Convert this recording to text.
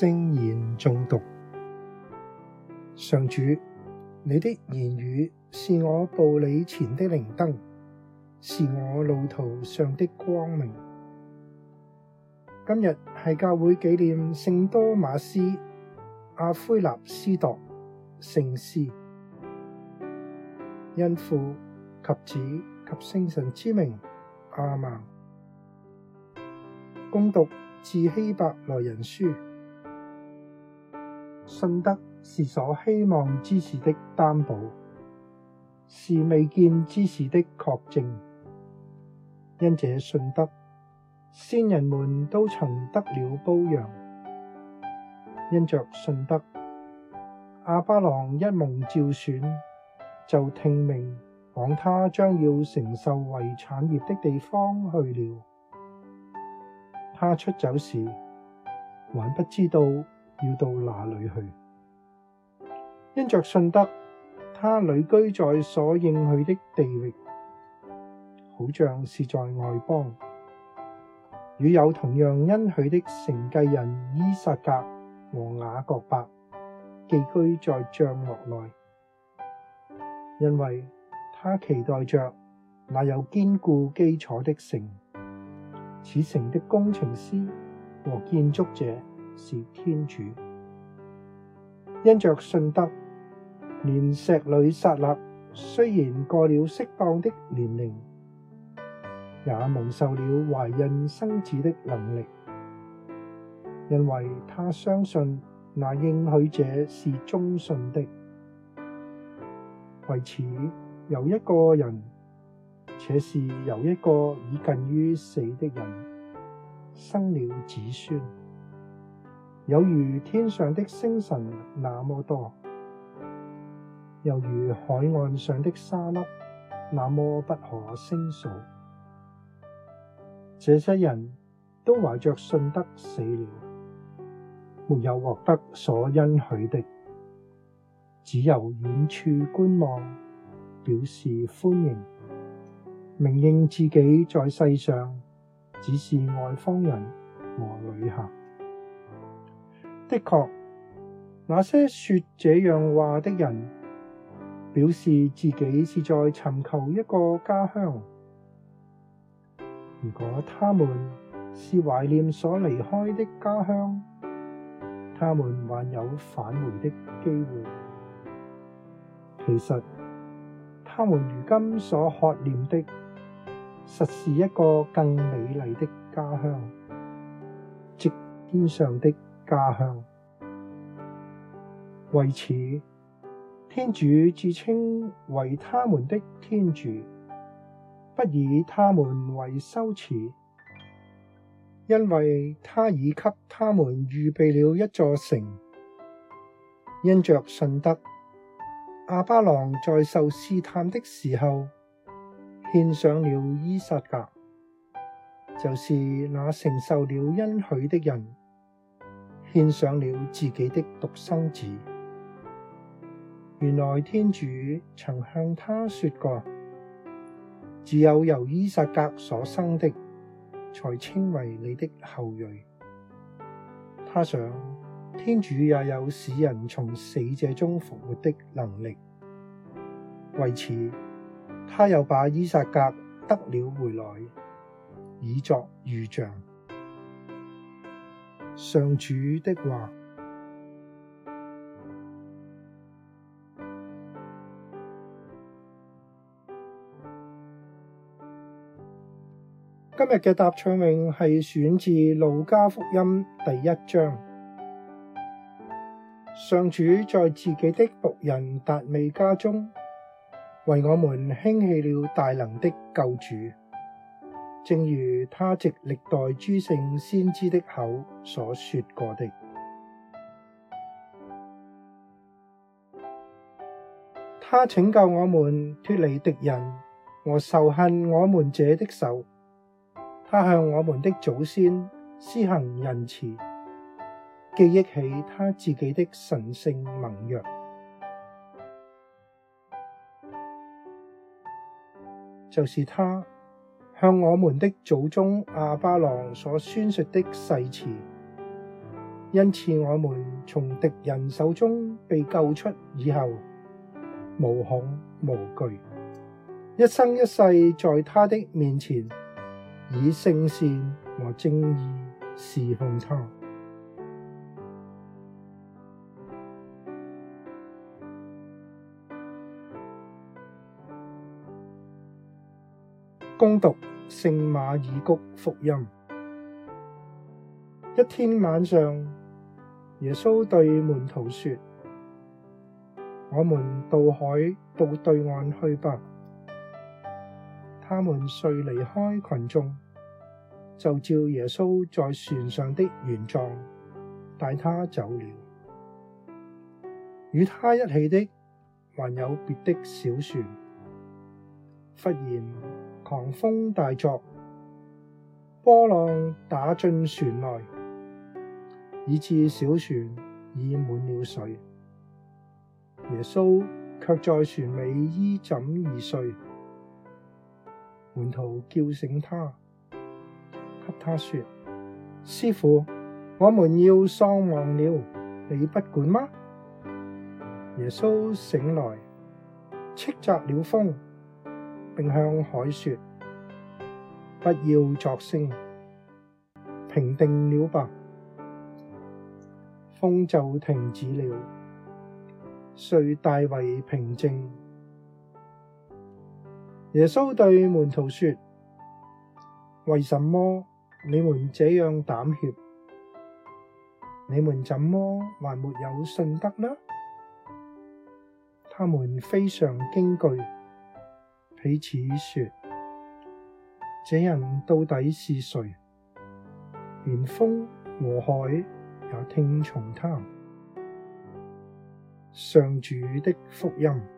聖言誦讀。上主，你的言語是我步履前的靈燈，是我路途上的光明。今日係教會紀念聖多瑪斯阿奎納司鐸聖師，因父及子及聖神之名阿們。恭讀《致希伯來人書》。信德是所希望之事的擔保，是未見之事的確證。因這信德，先人們都曾得了褒揚。因着信德，亞巴郎一蒙召選，就聽命往他將要承受為產業的地方去了。他出走時，還不知道。要到哪裏去？因着信德，他旅居在所應許的地域，好像是在外邦，與有同樣恩許的承繼人依撒格和雅各伯寄居在帳幕內，因為他期待着那有堅固基礎的城，此城的工程師和建築者。是天主。因着信德，連石女撒辣雖然過了適當的年齡，也蒙受了懷孕生子的能力，因為她相信那應許者是忠信的。為此，由一個人，且是由一個已近於死的人，生了子孫，有如天上的星辰那麼多，又如海岸上的沙粒那麼不可勝數。這些人都懷着信德死了，沒有獲得所恩許的，只由遠處觀望，表示歡迎，明認自己在世上只是外方人和旅客。的確，那些說這樣話的人，表示自己是在尋求一個家鄉。如果他們是懷念所離開的家鄉，他們還有返回的機會。其實，他們如今所渴念的，實是一個更美麗的家鄉，即天上的家鄉為此，天主自稱為他們的天主，不以他們為羞恥，因為他已給他們預備了一座城。因着信德，亞巴郎在受試探的時候，獻上了依撒格，就是那承受了恩許的人。獻上了自己的獨生子。原來天主曾向他說過，只有由依撒格所生的，才稱為你的後裔。他想，天主也有使人從死者中復活的能力。為此，他又把依撒格得了回來，以作預像。上主的話。今日嘅答唱詠係選自《路加福音》第一章。上主在自己的僕人達味家中為我們興起了大能的救主，正如他藉歷代諸聖先知的口。所說過的，他拯救我們脱離敵人和仇恨我們者的手。他向我們的祖先施行仁慈，記憶起他自己的神聖盟約，就是他向我們的祖宗亞巴郎所宣述的誓詞。因此，我們從敵人手中被救出以後，無恐無懼，一生一世在他的面前，以聖善和正義事奉他。恭讀聖馬爾谷福音，一天晚上。耶穌對門徒說：我們渡海到對岸去吧。他們遂離開群眾，就照耶穌在船上的原狀，帶他走了。與他一起的還有別的小船。忽然，狂風大作，波浪打進船內。以致小船已滿了水，耶穌卻在船尾依枕而睡。門徒叫醒他，給他說：師傅，我們要喪亡了，你不管嗎？耶穌醒來，斥責了風，並向海說：不要作聲，平定了吧。風就停止了，遂大為平靜。耶穌對門徒說：為什麼你們這樣膽怯？你們怎麼還沒有信德呢？他們非常驚懼，彼此說：這人到底是誰？連風和海，也聽從他！上主的福音。